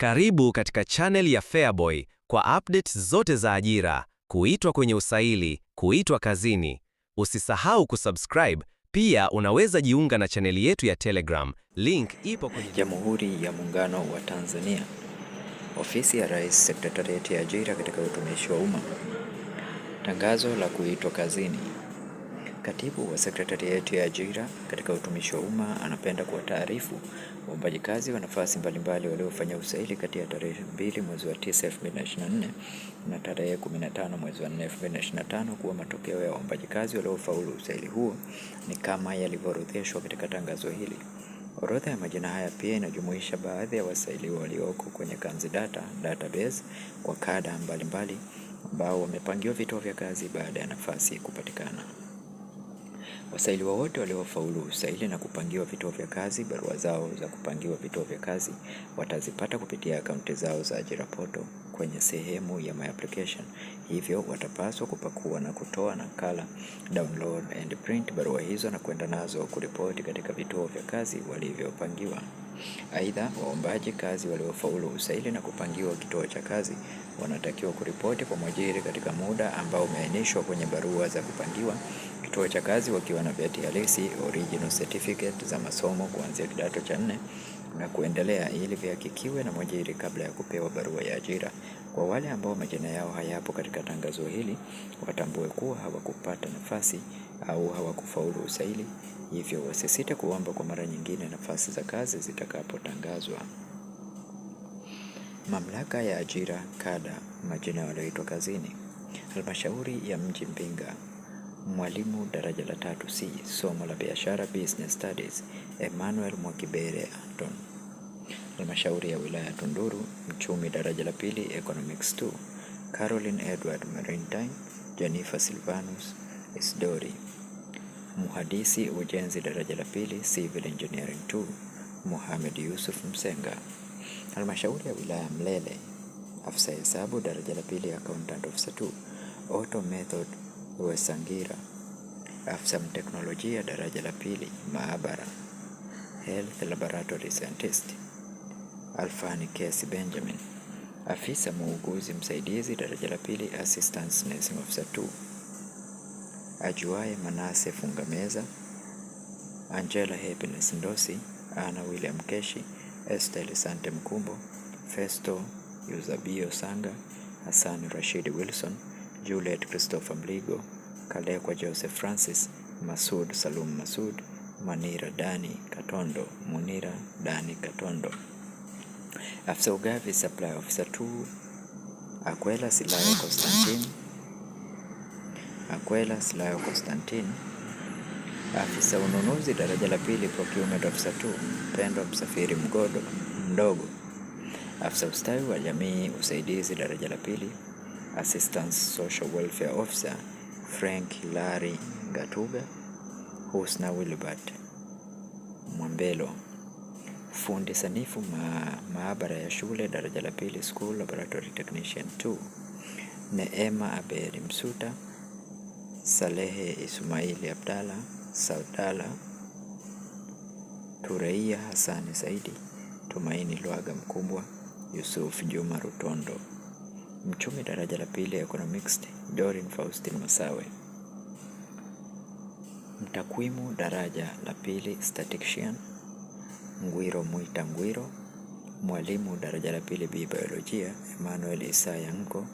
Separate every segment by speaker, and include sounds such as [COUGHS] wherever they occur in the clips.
Speaker 1: Karibu katika channel ya Feaboy kwa update zote za ajira, kuitwa kwenye usaili, kuitwa kazini. Usisahau kusubscribe, pia unaweza jiunga na chaneli yetu ya Telegram, link ipo kwenye...
Speaker 2: Jamhuri ya Muungano wa Tanzania. Ofisi ya Rais, Sekretarieti ya Ajira katika Utumishi wa Umma. Tangazo la kuitwa kazini. Katibu wa Sekretarieti ya Ajira katika Utumishi wa Umma anapenda kuwataarifu Waombaji kazi wa nafasi mbalimbali waliofanya usaili kati ya tarehe 2 mwezi wa 9 2024 na tarehe 15 mwezi wa 4 2025 kuwa matokeo ya waombaji kazi waliofaulu usaili huo ni kama yalivyoorodheshwa katika tangazo hili. Orodha ya majina haya pia inajumuisha baadhi ya wasailiwa walioko kwenye data database kwa kada mbalimbali ambao wamepangiwa vituo vya kazi baada ya nafasi kupatikana. Wasailiwa wote waliofaulu usaili na kupangiwa vituo vya kazi, barua zao za kupangiwa vituo vya kazi watazipata kupitia akaunti zao za ajira poto kwenye sehemu ya my application. Hivyo watapaswa kupakua na kutoa nakala, download and print barua hizo na kwenda nazo kuripoti katika vituo vya kazi walivyopangiwa. Aidha, waombaji kazi waliofaulu usaili na kupangiwa kituo cha kazi wanatakiwa kuripoti kwa mwajiri katika muda ambao umeainishwa kwenye barua za kupangiwa kituo cha kazi wakiwa na vyeti halisi original certificate za masomo kuanzia kidato cha nne na kuendelea ili vihakikiwe na mwajiri kabla ya kupewa barua ya ajira. Kwa wale ambao majina yao hayapo katika tangazo hili, watambue kuwa hawakupata nafasi au hawakufaulu usaili, hivyo wasisite kuomba kwa mara nyingine nafasi za kazi zitakapotangazwa. Mamlaka ya Ajira kada, majina ya walioitwa kazini. Halmashauri ya mji Mpinga, mwalimu daraja la tatu C, somo la biashara business studies, Emmanuel Mwakibere Anton. Halmashauri ya wilaya Tunduru, mchumi daraja la pili economics 2, Caroline Edward Marentine, Jennifer Silvanus Isdori. muhadisi ujenzi daraja la pili civil engineering 2, Mohamed Yusuf Msenga. Halmashauri ya wilaya Mlele, afisa hesabu daraja la pili accountant officer 2, Auto Method Wesangira, afisa mteknolojia daraja la pili maabara, health laboratory scientist. Alfani Kesi Benjamin, afisa muuguzi msaidizi daraja la pili assistant nursing officer 2, Ajuaye Manase Fungameza, Angela Happiness Ndosi, Ana William Keshi estel sante Mkumbo, Festo Yuzabio Sanga, Hassan Rashid Wilson, Juliet Christopher Mligo, Kalekwa Joseph Francis, Masud Salum Masud, Manira Dani Katondo, Munira Dani Katondo. Afisa Ugavi Supply Officer 2, Akwela Silayo Constantine, Akwela Silayo Constantine afisa ununuzi daraja la pili procurement afisa 2 Pendo Msafiri Mgodo Mdogo, afisa ustawi wa jamii usaidizi daraja la pili assistance social welfare officer Frank lari Ngatuga, Husna Wilbert Mwambelo, fundi sanifu ma maabara ya shule daraja la pili school laboratory technician 2 Neema Aberi Msuta, Salehe Ismaili Abdalla Saudala Thuraia Hasani Saidi, Tumaini Lwaga Mkubwa, Yusuf Juma Rutondo. Mchumi daraja la pili economics, Dorin Faustin Masawe. Mtakwimu daraja la pili statistician, Ngwiro Mwita Ngwiro. Mwalimu daraja la pili B biolojia, Emmanuel Isaya Nko.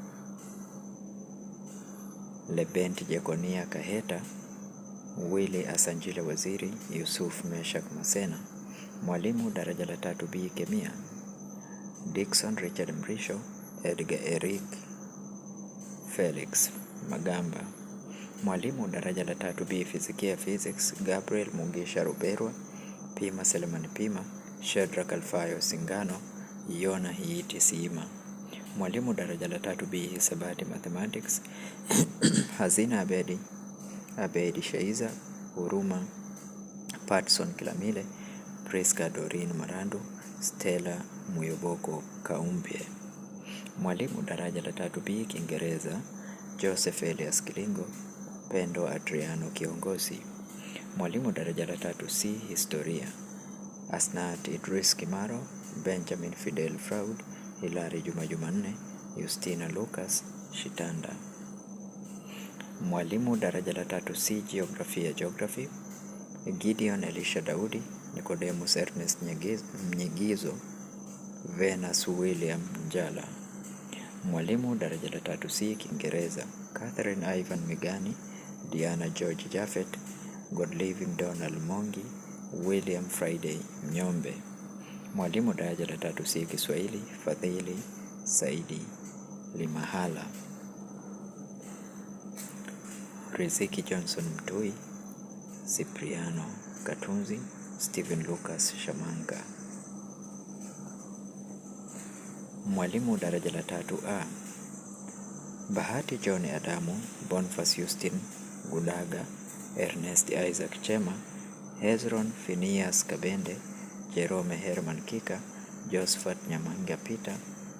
Speaker 2: Lebent Jekonia Kaheta. Willy Asanjile Waziri, Yusuf Meshak Masena, mwalimu daraja la tatu B kemia, Dickson Richard Mrisho, Edgar Eric Felix Magamba, mwalimu daraja la tatu B fizikia physics, Gabriel mungisha Ruberwa, Pima Selemani Pima, Shedrak Alfayo Singano, Yona Hiiti Siima, mwalimu daraja la tatu B hisabati mathematics, [COUGHS] Hazina Abedi Abed Shaiza, Huruma Patson Kilamile, Priska dorin Marandu, Stella Muyoboko kaumbie Mwalimu daraja la tatu B Kiingereza, Joseph Elias Kilingo, Pendo Adriano Kiongozi. Mwalimu daraja la tatu C Historia, Asnat Idris Kimaro, Benjamin Fidel Fraud, Hilari Juma Jumanne, Justina Lucas Shitanda. Mwalimu daraja la tatu C Jiografia Geography, Gideon Elisha Daudi, Nicodemus Ernest Mnyigizo, Venus William Njala. Mwalimu daraja la tatu C Kiingereza, Catherine Ivan Migani, Diana George Jaffet, Godliving Donald Mongi, William Friday Mnyombe. Mwalimu daraja la tatu C Kiswahili, Fadhili Saidi Limahala. Riziki Johnson Mtui, Cipriano Katunzi, Stephen Lucas Shamanga. Mwalimu daraja la tatu A, Bahati John Adamu, Boniface Justin gudaga Ernest Isaac Chema, Hezron Phineas Kabende, Jerome Herman Kika, Josephat Nyamanga Peter,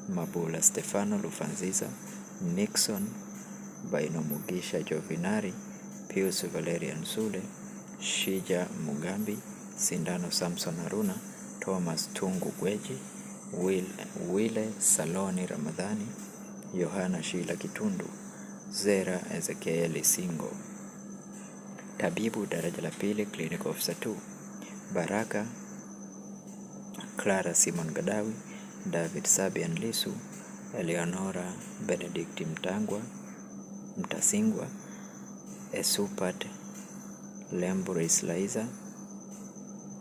Speaker 2: Mabula Stefano Lufanziza, Nixon Baino Mugisha Jovinari, Pius Valerian Sule, Shija Mugambi, Sindano Samson Haruna, Thomas Tungu Gweji, Will, Wile Saloni Ramadhani, Yohana Shila Kitundu, Zera Ezekieli Singo, Tabibu daraja la pili clinic officer 2, Baraka Clara Simon Gadawi, David Sabian Lisu, Eleonora Benedict Mtangwa Mtasingwa, Esupat Lemburis Laizer,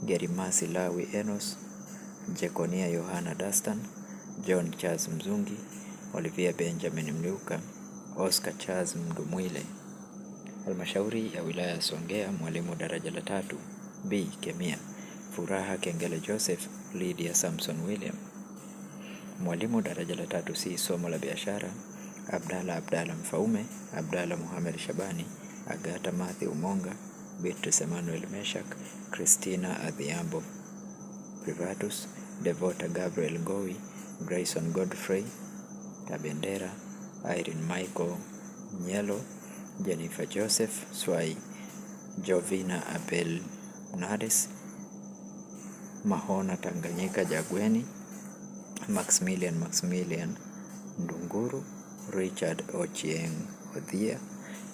Speaker 2: Gerimasi Lawi Enos, Jekonia Yohana Dastan, John Charles Mzungi, Olivia Benjamin Mliuka, Oscar Charles Mdumwile. Halmashauri ya wilaya ya Songea, mwalimu daraja la tatu B Kemia, Furaha Kengele Joseph, Lydia Samson William, mwalimu daraja la tatu C somo la biashara Abdalla Abdalla Mfaume, Abdalla Muhamed Shabani, Agata Mathew Monga, Beatrice Emmanuel Meshak, Christina Adhiambo Privatus, Devota Gabriel Ngowi, Grayson Godfrey Tabendera, Irene Michael Nyelo, Jennifer Joseph Swai, Jovina Abel Nades, Mahona Tanganyika Jagweni, Maximilian Maximilian Ndunguru Richard Ochieng Odhia,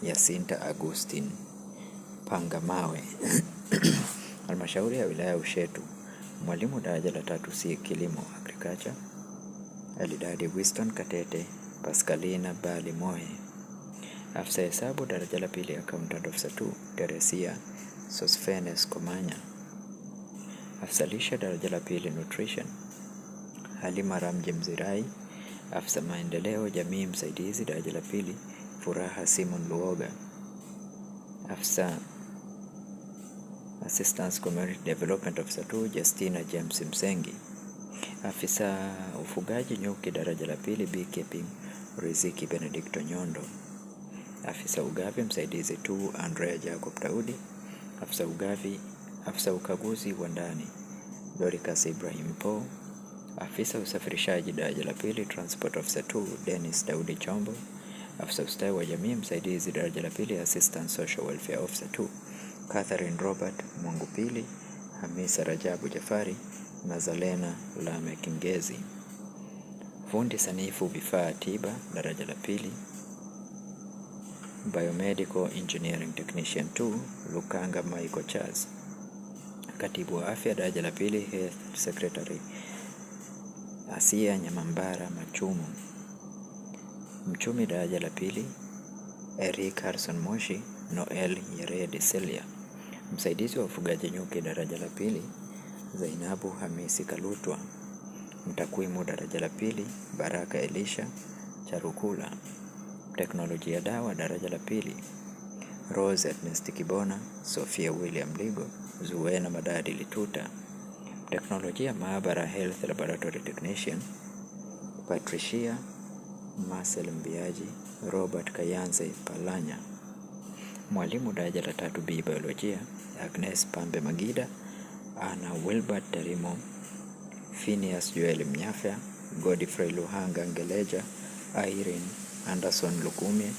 Speaker 2: Yasinta Agustin Pangamawe. [COUGHS] Halmashauri ya wilaya Ushetu, mwalimu daraja la tatu C kilimo agriculture, Elidadi Winston Katete, Pascalina Bali Moe. Afisa hesabu daraja la pili accountant officer 2 Teresia Sosfenes Komanya. Afisa lishe daraja la pili nutrition Halima Ramji Mzirai afisa maendeleo jamii msaidizi daraja la pili Furaha Simon Luoga, afisa Assistance Community Development Officer 2 Justina James Msengi, afisa ufugaji nyuki daraja la pili bkeping Riziki Benedicto Nyondo, afisa ugavi msaidizi tu Andrea Jacob Daudi, afisa ugavi afisa ukaguzi wa ndani Doricas Ibrahim Po Afisa usafirishaji daraja la pili Transport Officer 2 Dennis Daudi Chombo, afisa ustawi wa jamii msaidizi daraja la pili Assistant Social Welfare Officer 2 Catherine Robert Mwangupili, Hamisa Rajabu Jafari na Zalena Lame Kingezi. Fundi sanifu vifaa tiba daraja la pili Biomedical Engineering Technician 2 Lukanga Michael Charles. Katibu wa afya daraja la pili Health Secretary Asia Nyamambara Machumu, mchumi daraja la pili; Eric Carson Moshi, Noel Yeredi Celia, msaidizi wa ufugaji nyuki daraja la pili; Zainabu Hamisi Kalutwa, mtakwimu daraja la pili; Baraka Elisha Charukula, teknolojia dawa daraja la pili; Rose Ernest Kibona, Sofia William Ligo, Zuena Madadi Lituta teknolojia maabara Health Laboratory Technician, Patricia Marcel Mbiaji, Robert Kayanze Palanya. Mwalimu daraja la tatu B biolojia Agnes Pambe Magida, Ana Wilbert Tarimo, Phineas Joel Mnyafya, Godfrey Luhanga Ngeleja, Irene Anderson Lukumi,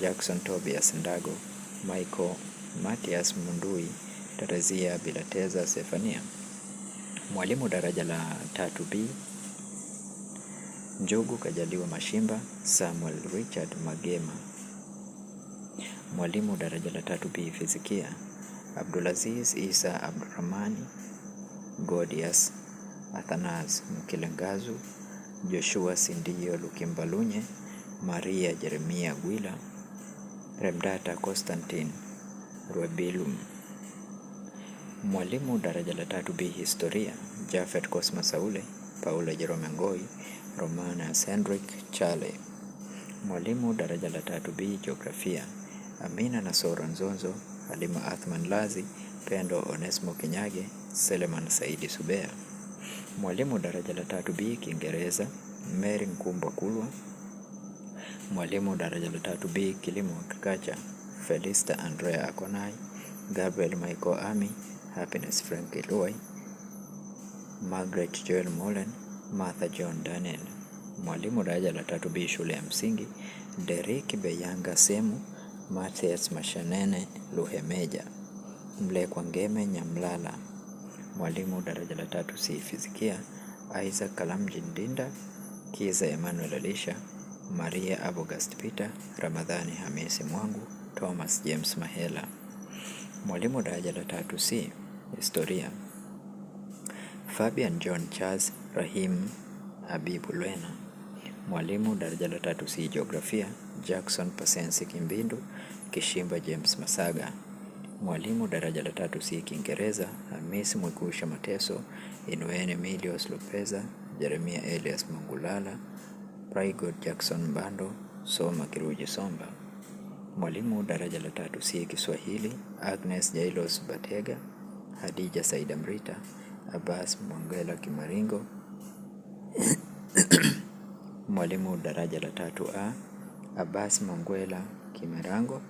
Speaker 2: Jackson Tobias Ndago, Michael Matias Mundui, tarazia Bilateza Sefania. Mwalimu daraja la tatu B Njogu Kajaliwa Mashimba Samuel Richard Magema. Mwalimu daraja la tatu B Fizikia Abdulaziz Isa Abdurahmani Godias Athanas Mkilengazu Joshua Sindio Lukimbalunye Maria Jeremia Gwila Remdata Constantine Rwebilum Mwalimu daraja la tatu B Historia, jafet Cosmas Saule, paula Jerome Ngoi, Romana Sendrick Chale. Mwalimu daraja la tatu B Jiografia, Amina Nasoro Nzonzo, Halima Athman Lazi, Pendo Onesmo Kinyage, Seleman Saidi Subea. Mwalimu daraja la tatu B Kiingereza, Mary Nkumba Kulwa. Mwalimu daraja la tatu B Kilimo Kikacha, Felista Andrea Akonai, Gabriel Michael Ami, Happiness Frankie Eloy, Margaret Joel Mullen, Martha John Daniel. Mwalimu daraja la tatu B shule ya msingi, Derek Beyanga Semu, Matthias Mashanene Luhemeja, Mlekwa Ngeme Nyamlala. Mwalimu daraja la tatu C fizikia, Isaac Kalamji Ndinda, Kiza Emmanuel Alisha, Maria Abogast Peter, Ramadhani Hamisi Mwangu, Thomas James Mahela. Mwalimu daraja la tatu C Historia Fabian John Charles Rahim Abibu Lwena, mwalimu daraja la tatu C jiografia. Jackson Pasensi Kimbindu Kishimba James Masaga, mwalimu daraja la tatu C Kiingereza. Hamis Mwikusha Mateso, Inuene Milios Lopeza, Jeremia Elias Mangulala, Prigod Jackson Mbando, Soma Kiruji Somba. Mwalimu daraja la tatu C Kiswahili Agnes Jailos Batega Hadija saida mrita Abbas Mwangela Kimaringo [COUGHS] mwalimu daraja la tatu A, Abbas Mwangwela Kimerango,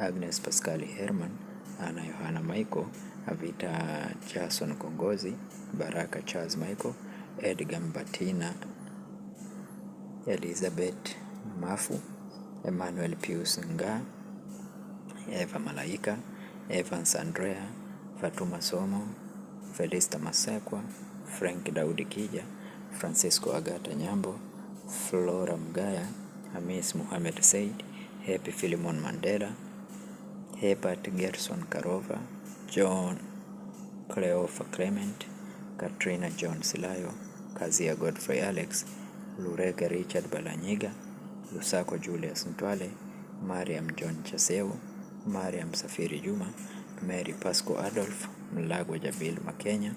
Speaker 2: Agnes Pascali Herman, Ana Yohana Michael, Avita Jason Kongozi, Baraka Charles Michael, Edgar Mbatina, Elizabeth Mafu, Emmanuel Pius Nga, Eva Malaika, Evans Andrea Fatuma Somo, Felista Masekwa, Frank Daudi Kija, Francisco Agata Nyambo, Flora Mgaya, Hamis Muhamed Said, Happy Philemon Mandela, Hepat Gerson Karova, John Cleofa Clement, Katrina John Silayo, Kazia Godfrey Alex, Lurega Richard Balanyiga, Lusako Julius Ntwale, Mariam John Chaseu, Mariam Safiri Juma Mary Pasco Adolf, Mlagwa Jabil Makenya,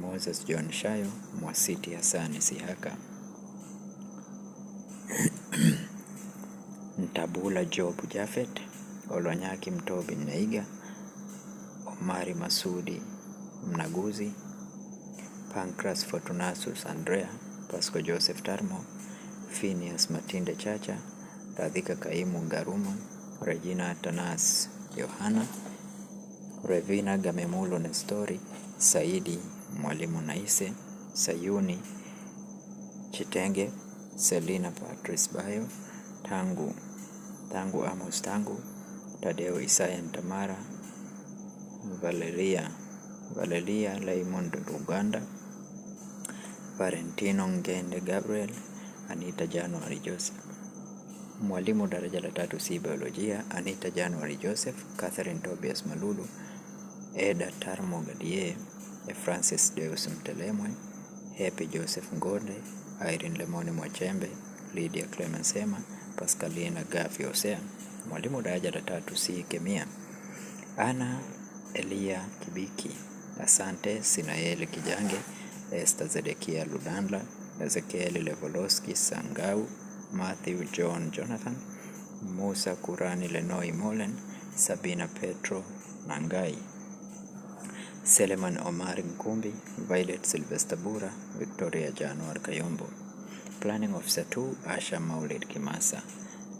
Speaker 2: Moses John Shayo, Mwasiti Hasani Sihaka [CLEARS THROAT] Ntabula Job Jafet, Olonyaki Mtobi Neiga, Omari Masudi Mnaguzi, Pancras fortunasus Andrea, Pasco Joseph Tarmo, Phineas Matinde Chacha, Radhika Kaimu garuma Regina Atanas Yohana Revina Gamemulo Nestori, Saidi Mwalimu Naise, Sayuni Chitenge, Selina Patrice Bayo, Tangu Tangu Amos Tangu, Tadeo Isaya Ntamara, Valeria Valeria Raymond Ruganda, Valentino Ngende Gabriel, Anita January Joseph. Mwalimu daraja la tatu C biolojia Anita January Joseph, Catherine Tobias Malulu, Eda Tarmo Gadie, e. Francis Deus Mtelemwe, Happy Joseph Ngonde, Irene Lemoni Mwachembe, Lydia Clemens Hema, Pascalina Gafi Osea. Mwalimu daraja la tatu C kemia Ana Elia Kibiki, Asante Sinaeli Kijange, Esther Zedekia Ludandla, Ezekiel Levoloski Sangau Matthew, John, Jonathan, Musa, Kurani, Lenoi, Molen, Sabina, Petro, Nangai, Seleman Omar Nkumbi, Violet Sylvester Bura, Victoria Januar Kayombo. Planning Officer 2 Asha Maulid Kimasa.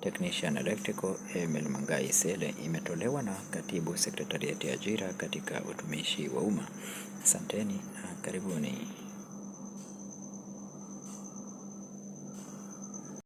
Speaker 2: Technician Electrical Emil Mangai Sele. Imetolewa na Katibu Sekretarieti ya Ajira katika Utumishi wa Umma. Asanteni na karibuni.